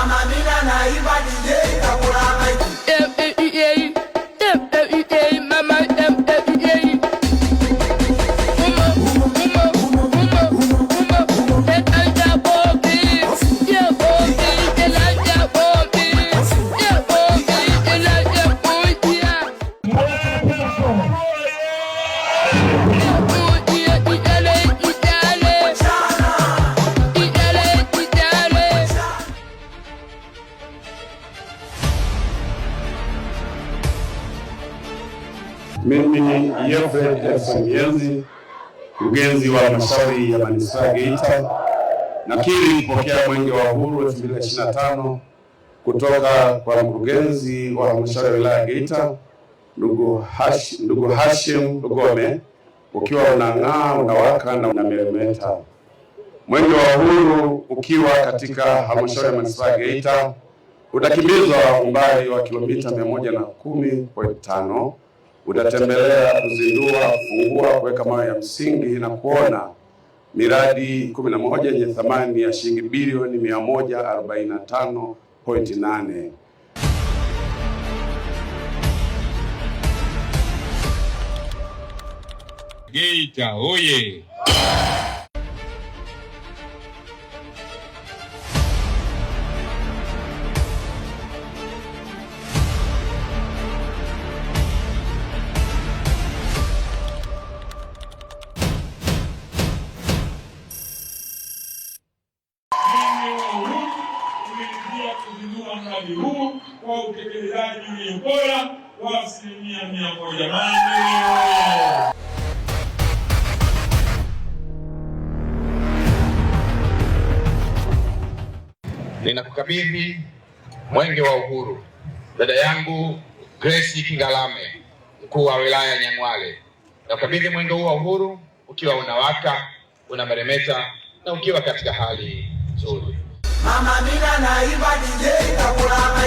Mama mina na ibadije itakuwa maiti Mimi Yefred Edson Mienzi, mkurugenzi wa halmashauri ya manispaa ya Geita, nakiri kupokea mwenge wa uhuru 2025 kutoka kwa mkurugenzi wa halmashauri ya wilaya ya Geita ndugu Hash, ndugu Hashim Lugome, ukiwa unang'aa, unawaka na unameremeta. Mwenge wa uhuru ukiwa katika halmashauri ya manispaa ya Geita utakimbizwa umbali wa kilomita 110.5 utatembelea kuzindua, kufungua, kuweka mawe ya msingi na kuona miradi 11 yenye thamani ya shilingi bilioni 145.8. Geita oye! mradi huu kwa utekelezaji ulio bora wa asilimia mia moja. ninakukabidhi mwenge wa uhuru, dada yangu Grace Kingalame, mkuu wa wilaya ya Nyang'hwale. Nakukabidhi mwenge huu wa uhuru ukiwa unawaka, unameremeta na ukiwa katika hali nzuri. Mama Amina na DJ Kakula